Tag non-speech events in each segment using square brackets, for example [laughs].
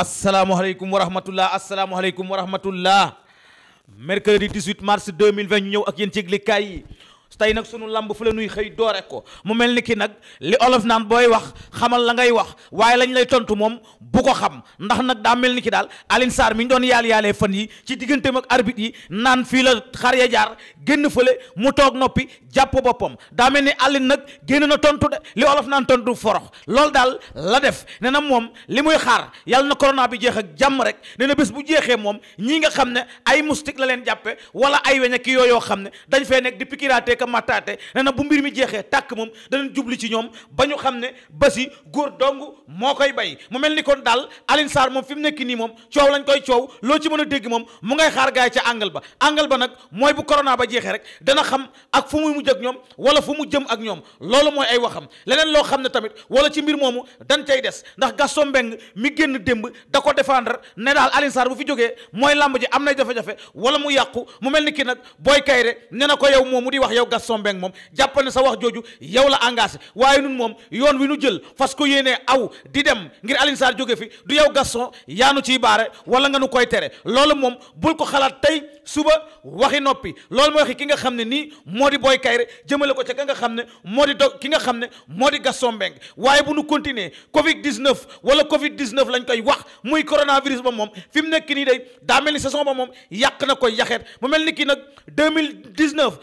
asalaamaaleykum wa rahmatullah asalaamaaleykum wa rahmatullah mercredi 18 mars 2020 ñu ñëw ak yéen ci yëglekaay yi tey nag sunu lamb fu la nuy xëy doore ko mu mel ni ki nag li olof naan booy wax xamal la ngay wax waaye lañu lay tontu moom bu ko xam ndax nag daa mel ni ki daal Alioune saar mi ñu doon yaal yaalee fan yi ci digganteem ak arbitre yi naan fii la xar ya jaar génn fële mu toog noppi jàpp boppam daa mel ni Alioune nag génn na tontu de li olof naan tontu forox loolu daal la def nee na moom li muy xaar yàlla na corona bi jeex ak jàmm rek nee bés bu jeexee moom ñii nga xam ne ay moustique la leen jàppe wala ay weñ ak yooyoo xam ne dañ fee nekk di mattaate nee na bu mbir mi jeexee tàkk moom danañ jubli ci ñoom ba ñu xam ne basi góor dong moo koy bay mu mel ni kon daal Alioune Sarr moom fi mu nekk nii moom coow lañ koy coow loo ci mën mu ngay xaar gaay ca angle ba ba nag mooy bu corona ba jeexee rek dana xam ak fu muy mujj ak ñoom wala fu mu jëm ak ñoom loolu mooy ay waxam leneen loo xam ne tamit wala ci mbir moomu dañ cay des ndax Gaston Mbengue mi génn démb da ko défendre ne daal Alioune Sarr bu fi jógee mooy làmb ji am nay jafe-jafe wala mu yàqu mu mel ni ki nag booy kayre ne na ko yow moomu di wax yow Gaston Mbengue moom jàppal sa wax jooju yow la engagé waaye nun moom yoon wi nu jël fas ko yéenee aw di dem ngir Alioune Sarr jóge fi du yow Gaston yaa nu ciy baare wala nga nu koy tere loolu moom bul ko xalaat tey suba waxi noppi loolu mooy waxi ki nga xam ne nii moo di Boy Kayre jëmale ko ca ka nga xam ne moo di do ki nga xam ne moo di Gaston Mbengue waaye bu nu continuer Covid 19 wala Covid 19 lañ koy wax muy coronavirus ba moom fi mu nekk nii day daa mel ni saison ba moom yàq na koy yaxeet mu mel ni ki nag deux mille dix neuf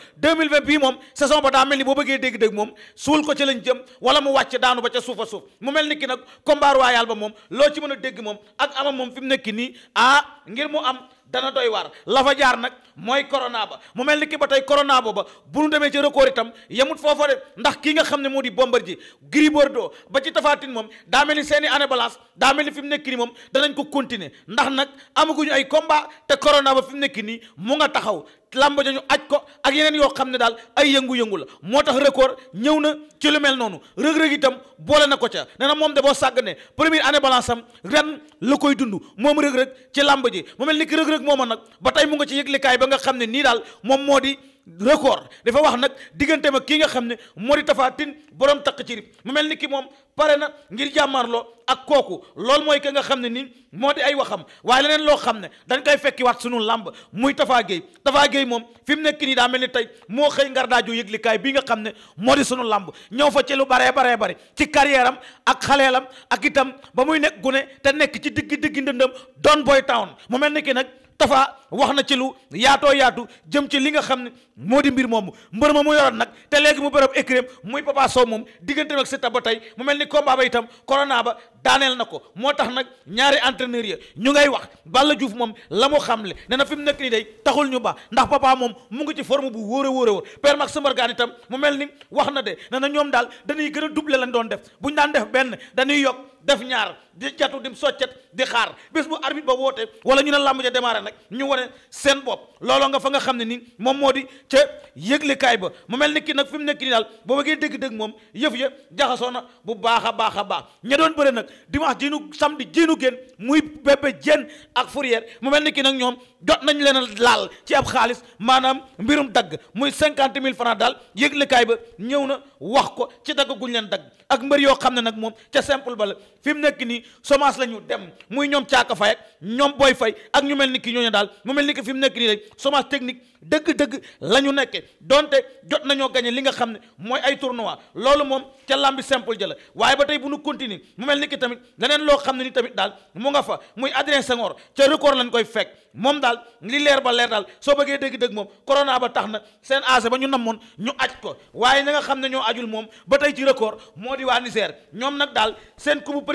moom saison ba daa mel ni boo bëggee dégg-dégg moom suul ko ca lañ jëm wala mu wàcc daanu ba ca suuf a suuf mu mel ni ki nag combat royal ba moom loo ci mën a dégg moom ak ama moom fi mu nekk nii ah ngir mu am dana doy waar la fa jaar nag mooy corona ba mu mel ni ki ba tey corona booba bu nu demee ci record itam yemut foofa de ndax kii nga xam ne moo di Bombardier Gris Bordeaux ba ci tafaatin moom daa mel ni seeni année balance daa mel ni fi mu nekk nii moom danañ ko continuer ndax nag amaguñu ay combat te corona ba fi nekk nii mu nga taxaw làmb ja ñu aj ko ak yeneen yoo xam ne daal ay yëngu-yëngu la moo tax record ñëw na ci lu mel noonu rëg-rëg itam boole na ko ca nee na moom de boo sàgganee première année balance am ren la koy dund moom rëg-rëg ci làmb ji mu mel ni ki rëg-rëg mooma nag ba tey mu nga ci yëglekaay ba nga xam ne nii daal moom moo di record dafa wax nag diggante ma kii nga xam ne moo di tafaatin borom takk ci rib mu mel ni ki moom pare na ngir jàmmaarloo ak kooku loolu mooy ki nga xam ne nii moo di ay waxam waaye leneen loo xam ne dañ koy fekkiwaat sunu làmb muy Tafa Gueye Tafa Gueye moom fi mu nekk nii daa mel ni tey moo xëy ngar daaju yëglikaay bii nga xam ne moo di sunu làmb ñëw fa ci lu baree baree bari ci carrière ak xaleelam ak itam ba muy nekk gune te nekk ci digg digg ndëndëm doon boy mu mel ni ki nag Tafa wax na ci lu yaatoo yaatu jëm ci li nga xam ne moo di mbir moomu mbër ma mu yoroon nag te léegi mu bërëb écréme muy Papa Sow moom diggante ak Siteu ba tey mu mel ni combat ba itam corona ba daaneel na ko moo tax nag ñaari entraîneurs ya ñu ngay wax Balla Diouf moom la mu xamle ne na fi mu nekk nii dey taxul ñu baax ndax papa moom mu ngi ci forme bu wóore wóore wóor Père Max Mbargane itam mu mel ni wax na de ne na ñoom daal dañuy gën a doubler lañ doon def bu ñu daan def benn dañuy yokk def ñaar di jatu dim soccet di xaar bés bu arbitre ba woote wala ñu ne làmb ja démarré nag ñu wane seen bopp looloo nga fa nga xam ne ni moom moo di ca yëglekaay ba mu mel ni ki nag fi mu nekk nii daal boo bëggee dégg-dégg moom yëf ya jaxasoo na bu baax baax a baax ña doon bëre nag dimanche jiinu samedi jiinu génn muy bébé jeen ak fourrière mu mel ni ki nag ñoom jot nañu leen laal ci ab xaalis maanaam mbirum dagg muy cinquante mille francs daal yëglekaay ba ñëw na wax ko ci dagg guñ leen dagg ak mbër yoo xam ne nag moom ca simple ba la fi mu nekk nii chômage la ñu dem muy ñoom caaka fay ak ñoom booy fay ak ñu mel ni ki ñooñu daal mu mel ni ki fi mu nekk nii rek chômage technique dëgg-dëgg lañu ñu nekkee donte jot nañoo gagné li nga xam ne mooy ay tournoi loolu moom ca lambi simple jëla waaye ba tey bu nu continuer mu mel ni ki tamit leneen loo xam ne ni tamit daal mu nga fa muy Adrien Senghor ca record lañ koy fekk moom daal li leer ba leer daal soo bëggee dëgg-dëgg moom corona ba tax na seen âge ba ñu namoon ñu aj ko waaye ña xam ne ñoo ajul moom ba tey ci record moo di waa Niger ñoom nag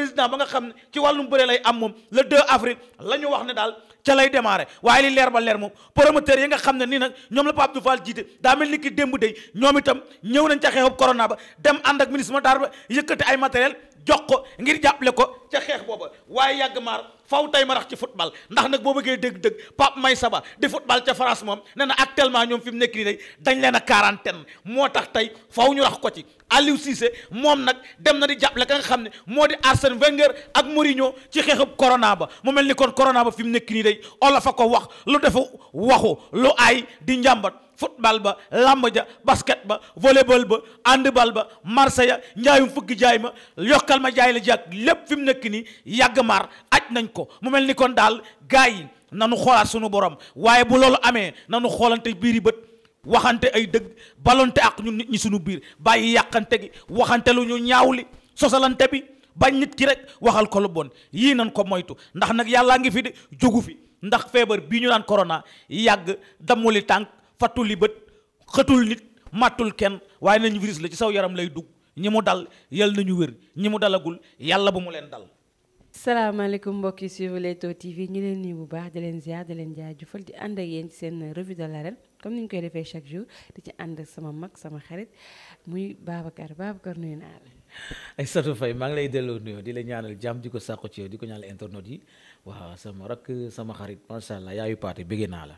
président ba nga xam ne ci wàllum bëre lay am moom le 2 avril la ñu wax ne daal ca lay démarré waaye li leer ba leer moom promoteur yi nga xam ne nii nag ñoom la Pape Abdou Fall jiite daa mel ni ki démb day ñoom itam ñëw nañ ca xeexub corona ba dem ànd ak ministre ma daar ba yëkkati ay matériel jox ko ngir jàppale ko ca xeex booba waaye yàgg maar faw tey ma rax ci football ndax nag boo bëggee dëgg-dëgg Pape Maïssa Ba di football ca France moom nee na actuellement ñoom fi mu nekk nii day dañ leen a quarantaine moo tax tey faw ñu rax ko ci Aliou Cissé moom nag dem na di jàppale ka nga xam ne moo di Arsène Wenger ak Mourinho ci xeexub corona ba mu mel ni kon corona ba fi mu nekk nii day olof a ko wax lu defu waxu lu aay di njàmbat football ba làmb ja basket ba volleyball ba handball ba marché ya njaayum fukk jaay ma yokkal ma jaay la jàkk lépp fi mu nekk nii yàgg mar aj nañ ko mu mel ni kon daal gaa yi nanu xoolaat sunu borom waaye bu loolu amee nanu xoolante biir yi bët waxante ay dëgg balonte ak ñu nit ñi sunu biir bàyyi yàqante gi waxante lu ñu ñaaw li sosalante bi bañ nit ki rek waxal ko lu bon yii nañ ko moytu ndax nag yàllaa ngi fi de jógu fi ndax feebar bii ñu naan corona yàgg damuli tànk fattul li bët xëtul nit màttul kenn waaye nañ virus la ci saw yaram lay dugg ñi mu dal yal nañu wér ñi mu dalagul yàlla bu mu leen dal salaamaaleykum mbokk yi suivre Leewtoo TV ñu leen nii bu baax di leen ziar di leen jaajëfal di ànd ak yéen ci seen revue de l'arène comme ni ñu koy defee chaque jour di ci ànd ak sama mag sama xarit muy Babacar Babacar nuyu naa la. ay satu fay maa ngi lay delloo nuyoo di la ñaanal jàmm di ko sàkku ci yow di ko ñaanal internet yi waaw sama rakk sama xarit macha allah yaayu paate bëgg naa la.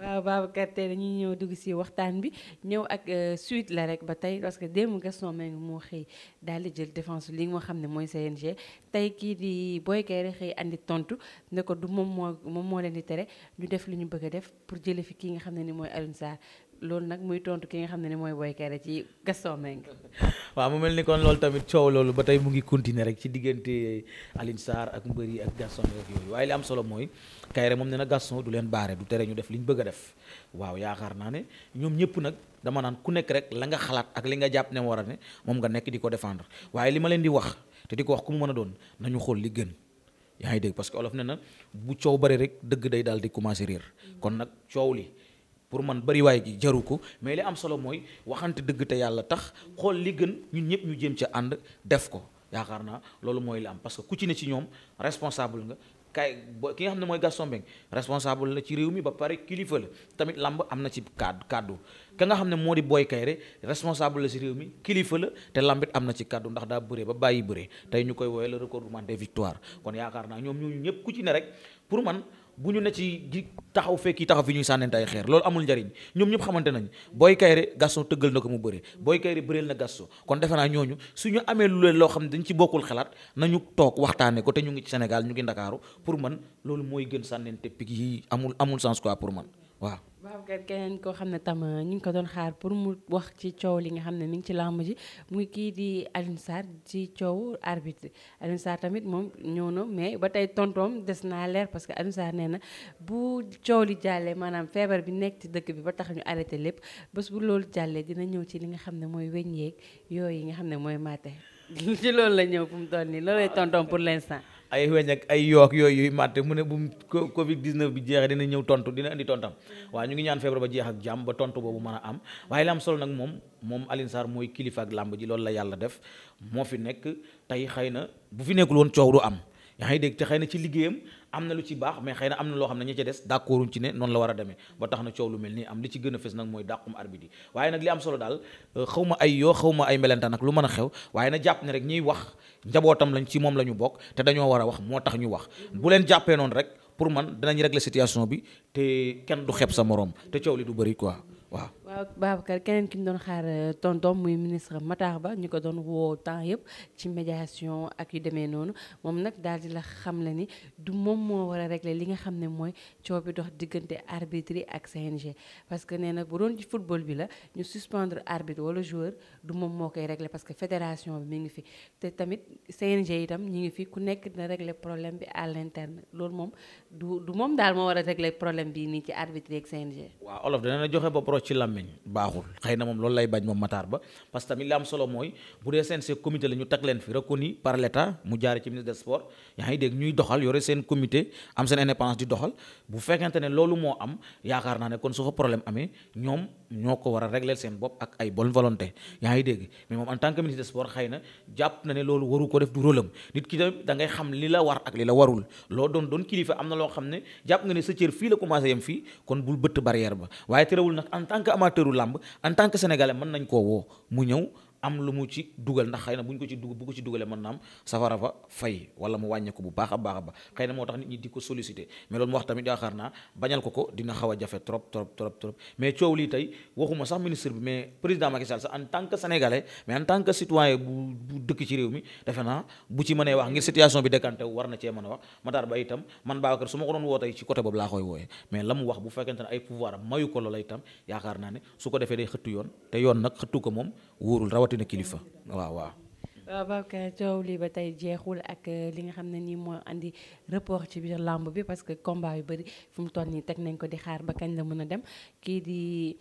waaw Babacar tey dañuy ñëw dugg si waxtaan bi ñëw ak euh, suite la rek ba tey parce que démb Gaston Mbengue moo xëy daal di jël défense li nga xam ne mooy CNG tey kii di Boy Kaïré xëy andi tontu ne ko du moom moo moom moo leen di tere ñu def lu ñu bëgg a def pour jële fi kii nga xam ne ni mooy Alioune Sarr loolu nag muy tontu ki nga xam ne ni mooy boykare ci Gaston Mbengue waaw mu mel ni kon loolu tamit coow loolu ba tey mu ngi continuer rek ci diggante Alioune Sarr ak mbër yi ak Gaston yooyu waaye li am solo mooy Kayre moom ne na Gaston du leen baare du tere ñu def li ñu bëgg a def waaw yaakaar naa ne ñoom ñëpp nag dama naan ku nekk rek la nga xalaat ak li nga jàpp ne war a ne moom nga nekk di ko défendre waaye li ma leen di wax te di ko wax ku mu mën a doon nañu xool li gën yaa ngi dégg parce que olof ne na bu coow bari rek dëgg day daal di commencer réer kon nag coow li pour man bariwaay gi jaru ko mais li am solo mooy waxante dëgg te yàlla tax xool li gën ñun ñëpp ñu jéem ca ànd def ko yaakaar naa loolu mooy li parce que ku ci ci ñoom responsable nga kay ki nga ne mooy Gaston Mbengue responsable la ci réew mi ba pare kilifa la tamit lamb am na ci kàddu kàddu ka nga xam ne moo di Boy Kayre responsable la ci mi kilifa la te lambit am na ci kàddu ndax daa bëree ba bàyyi bëree tey ñu koy woowee le ku ci ne rek pour man. bu ñu ne ci taxaw fekki taxaw fi ñuy sànnante ay xeer loolu amul njariñ ñoom ñëpp xamante nañ booy Kayre Gaston tëggal na ko mu bëre booy Kayre bëreel na Gaston kon defe naa ñooñu suñu amee lu leen loo xam ne dañ ci bokkul xalaat nañu toog waxtaane ko te ñu ngi ci Sénégal ñu ngi Ndakaaru pour man loolu mooy gën sànnante pig yi amul amul sans quoi pour man waaw. Babacar keneen koo xam ne tam euh, ñu ngi ko doon xaar pour mu wax ci coow li nga xam ne mi ngi ci làmb ji muy kii di Alioune ci coow arbitre Alioune tamit moom ñëw na mais ba tey tontoom des naa leer parce que Alioune Sarr nee na bu coow li jàllee maanaam feebar bi nekk ci dëkk bi ba tax ñu arrêté lépp bés bu loolu jàllee dina ñëw ci li nga xam ne mooy weñ yeeg yooyu yi nga xam ne mooy maate [laughs] ci loolu la ñëw fu mu toll nii loolay tontoom pour l'instant ay weñ ak ay yook yooyu yuy mu ne bu covid 19 bi jeexee dina ñëw tontu dina indi tontam waaw ñu ngi ñaan feebar ba jeex ak jàmm ba tontu boobu mën a am waaye la am solo nag moom moom alin Sarr mooy kilifa ak làmb ji loolu la yàlla def moo fi nekk tey xëy na bu fi nekkul woon coow du am yaa ngi dégg te xëy na ci liggéeyam am na lu ci baax mais xëy na am na loo xam ne ña ca des d'accorduñ ci ne noonu la war a demee ba tax na coow lu mel nii am li ci gën a fës nag mooy dàqum arbitre yi waaye nag li am solo daal euh, xaw ma ay yoo xaw ma ay melenta nag lu mën a xew waaye na jàpp ne rek ñiy wax njabootam lañ ci moom la ñu bokk te dañoo war a wax moo tax ñu wax bu leen jàppee noonu rek pour man danañ régler situation bi te kenn du xep sa moroom te coow li du bëri quoi waaw waaw Babacar keneen ki ñu doon xaar euh, tonton muy ministre Matar Ba ñu ko doon woo temps yëpp ci médiation ak yu demee noonu moom nag daal di la xam la ni du moom moo war a régler li nga xam ne mooy coow bi dox diggante arbitre yi ak CNG parce que nee na bu doon ci football bi la ñu suspendre arbitre wala joueur du moom moo koy régler parce que fédération bi mi ngi fi te tamit CNG itam ñu ngi fi ku nekk na régler problème bi à l'interne loolu moom du du moom daal moo war a régler problème bi nii ci arbitre yi ak CNG. waaw olof dana joxe ba ci làmmiñ baaxul xëy na moom loolu lay bañ moom Matar Ba parce que tamit li am solo mooy bu dee seen seen comité la ñu teg leen fi reconnu par l'État mu jaare ci ministre des yaa ngi dégg ñuy doxal yore seen comité am seen indépendance di doxal bu fekkente ne loolu moo am yaakaar naa ne kon su fa problème amee ñoom ñoo ko war a régler seen bopp ak ay bonne volonté yaa ngi dégg mais moom en tant que ministre des sports xëy na jàpp na ne loolu waru la war ak li la doon doon am na loo xam ne jàpp nga ne fii la commencé yem fii kon bul bëtt ba tant que amateuru làmb en tant que sénégalais mën nañ koo woo mu ñëw am lu mu ci dugal ndax xëy bu ñu ko ci dug bu ko ci dugalee mën na am safara fa fay wala mu wàññeeku bu baax a baax a baax xëy na moo tax nit ñi di ko sollicité mais loolu mu wax tamit yaakaar naa bañal a jafe trop trop trop trop mais coow lii tey waxuma sax ministre bi mais président Macky Sall sax en tant que sénégalais mais en tant que citoyen wax ngir situation bi décanté wu war na cee a wax Matar Ba itam la mu wax bu fekkente ne ay pouvoir am mayu ko loola su ko defee day xëttu yoon te yoon nag xëttu ko moom wóorul rawati rawatina kilifa waaw waaw. waaw Babacar coow lii ba tey jeexul ak euh, li nga xam ne nii moo andi report ci biir làmb bi parce que combat yu bëri fu mu toll nii teg nañ ko di xaar ba kañ la mën a dem kii di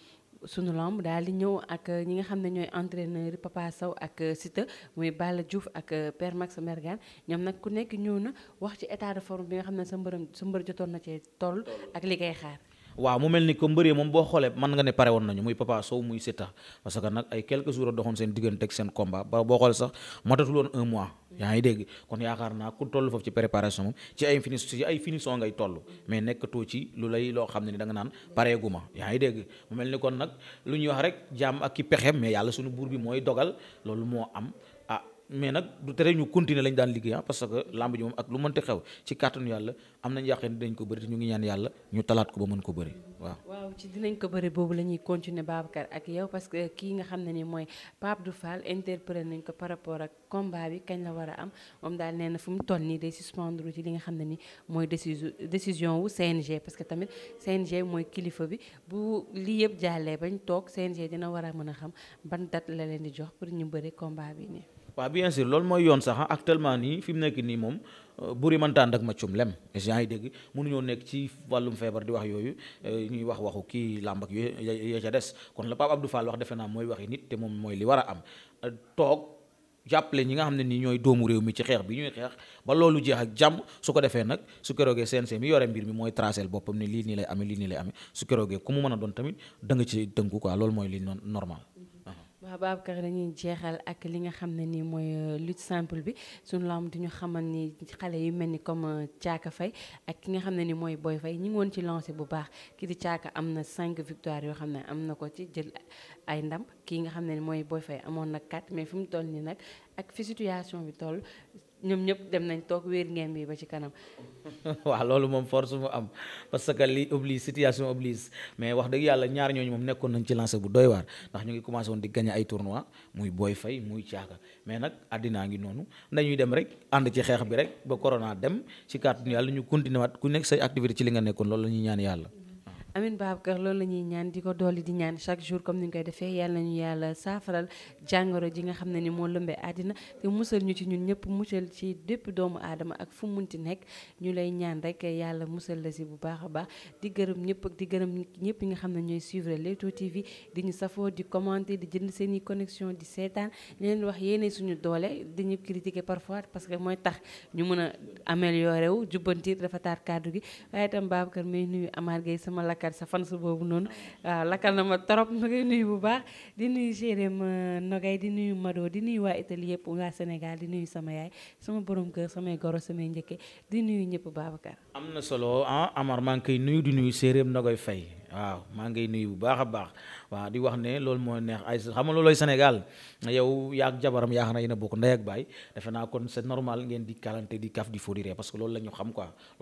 sunu làmb daal di ñëw ak euh, ñi nga xam ne ñooy entraîneur Papa Sow ak euh, Siteu muy Balla Diouf ak Père Max Mergan ñoom nag ku nekk ñëw na wax ci état de bi nga xam ne sa mbërëm sa mbër jotoon na cee toll ak li koy xaar. waaw mu mel ni ko mbëree moom boo xoolee mën nga ne pare woon nañu muy Papa Sow muy Siteu parce que nag ay quelques jours a doxoon seen diggante ak seen combat ba boo xoolee sax matatul woon mois yaa ngi dégg kon yaakaar naa ku toll foofu ci préparation moom ci ay fini ci ngay toll mais nekkatoo ci lu lay loo xam ne ni da nga naan pareeguma yaa ngi dégg mu mel ni kon nag lu ñuy wax rek jàmm ak ki pexe mais yàlla suñu buur bi mooy dogal loolu moo am mais nag du tere ñu continuer lañ daan liggéey ah, parce que lamb ji moom ak lu mënti xew ci kàttanu yàlla am nañ ñu ngi ñaan yàlla ñu talaat ko ba mën ko bëri waaw. waaw ci dinañ ko bëri boobu la ñuy continuer Babacar ak yow parce que kii nga xam ne ni mooy Pape Dufal interpellé nañ ko par rapport ak combat bi kañ la war a am moom daal nee na fu mu toll nii day suspendre ci li nga xam ne ni mooy décision décision wu CNG parce que tamit CNG mooy kilifa bi bu lii yëpp jàllee bañ toog CNG dina war a mën a xam ban date la leen di jox pour ñu bëri combat bi nii. waaw bien sûr loolu mooy yoon sax actuellement nii fi nekk nii moom euh, buri mëntaan ak maccum lem gens yi dégg mënuñoo nekk ci wàllum feebar di wax yooyu euh, ñuy wax waxu kii làmb ak yooyu ca des kon la Pape Abdou Fall wax defe naa mooy waxi nit te moom mooy li war a am euh, toog jàppale ñi nga xam ne nii ñooy doomu réew mi ci xeex bi ñuy xeex ba loolu jeex ak jàmm su ko defee nag su keroogee CNG mi yore mbir mi mooy tracel boppam ne lii nii lay amee lii nii lay amee su keroogee ku mu mën a doon tamit da nga ci tënku quoi loolu mooy li normal waaw Babacar dañuy jeexal ak li nga xam ne nii mooy euh, lutte simple bi suñu lamb di ñu xamal ni xale yi mel ni comme caaka euh, Faye ak ki nga xam ne ni mooy booy Faye ñi ngi ci lancé bu baax ki di caaka am na cinq victoire yoo xam ne am na ko ci jël ay ndam kii nga xam ne ni mooy booy Faye amoon nag 4 mais fi mu toll nii nag ak fi situation bi toll ñoom ñëpp dem nañ toog wéer ngeen bi ba ci kanam. [laughs] waaw loolu moom force mu am parce que li oblige situation oblige mais wax dëgg yàlla ñaar ñooñu moom nekkoon nañ ci lancé bu doy waar ndax ñu ngi commencé woon di gagné ay tournoi muy Boy Faye muy caaka mais nag àddinaa ngi noonu dañuy dem rek ànd ci xeex bi rek ba corona dem ci kàttanu yàlla ñu continué ku nekk say activité ci li nga nekkoon loolu la ñuy ñaan yàlla. amin Babacar loolu la ñuy ñaan di ko dolli di ñaan chaque jour comme ni ñu koy defee yàlla nañu yàlla saafaral jàngoro ji nga xam ne ni moo lëmbee àddina te musal ñu ci ñun ñëpp musal ci dépp doomu aadama ak fu mun ti nekk ñu lay ñaan rek yàlla musal la si bu baax a baax di gërëm ñëpp di gërëm ñëpp yi nga xam ne ñooy suivre Leewtoo TV di ñu safoo di commenter di jënd seeni connection connexion di seetaan leen wax yéene suñu doolee di ñu critiquer parfois parce que mooy ñu mën a améliorer wu jubbanti dafa taar kàddu gi waaye itam Babacar lakk sa fan sa boobu noonu waaw ah, lakkal na ma torop ma koy nuyu bu baax di nuyu Jérémy euh, Nogay di nuyu madoo di nuyu waa Italie yëpp waa Sénégal di nuyu sama yaay sama borom kër samay goro samay njëkke di nuyu ñëpp Babacar. am na solo ah Amar maa ngi koy nuyu di nuyu Jérémy Nogay fay waaw maa ngay nuyu bu baax a baax waaw di wax ne loolu mooy neex ay xam nga loolooy Sénégal yow yaag jabaram yaa xam ne yéen a bokk ndey ak baay naa kon c'est normal ngeen di kalante di kaf di fo di ree xam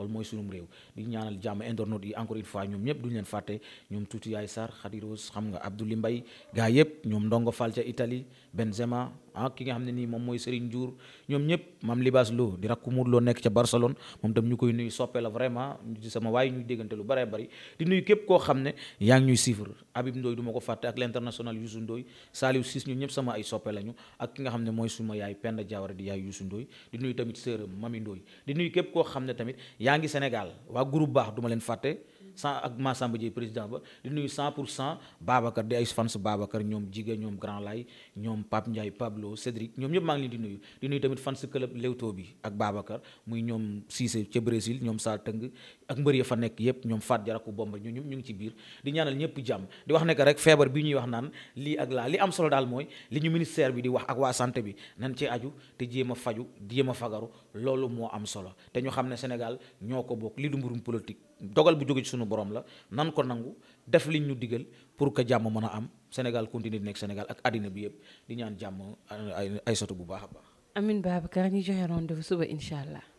mooy sunum réew di ñaanal jàmm ñoom ñëpp duñu leen fàtte ñoom tuuti yaay Sarr Khady Rose xam nga Abdoulaye Mbaye gars yëpp ñoom Ndongo Fall ca Italie Benzema ah ki nga xam ne nii moom mooy Serigne Diour ñoom ñëpp maam Libaas Lo di rakku Modou loo nekk ca Barcelone moom tam ñu koy nuyu soppe la vraiment di sama waaye ñuy déggante lu bëree bëri di nuyu képp koo xam ne yaa ngi ñuy suivre Habib ma ko fàtte ak l'international Youssou Ndoye Saliou ñëpp sama ay soppe lañu ak ki xam ne mooy suma yaay Penda Diawara di yaay Youssou Ndoye di nuyu tamit sœuram Mami Ndoye di nuyu képp koo xam ne tamit yaa ngi Sénégal waa groupe baax du ma leen fàtte sans ak Massamba Dieye président ba di nuyu 100 pour cent Babacar di ay fans Babacar ñoom Jiga ñoom Grand Lay ñoom Pape Ndiaye Pablo Cédric ñoom ñëpp maa ngi leen di nuyu di nuyu tamit fans club Leewtoo bi ak Babacar muy ñoom Cissé ca Brésil ñoom Saa Tëng ak mbër ya fa nekk yépp ñoom Fat Jaraku Bomba ñu ñu ngi ci biir di ñaanal ñëpp jàmm di wax nekk rek feebar bi ñuy wax naan lii ak laa li am solo daal mooy li ñu ministère bi di wax ak waa santé bi nan ci aju te jéem a faju jéem a fagaru loolu moo am solo te ñu xam ne Sénégal ñoo ko bokk li du sunu borom la nan ko nangu def liñ ñu digal pour que jàmm mën a am Sénégal continue di nekk Sénégal ak àddina bi yëpp di ñaan jàmm ay ay soto bu baax a baax. Amin Babacar ñu joxe rendez suba incha allah.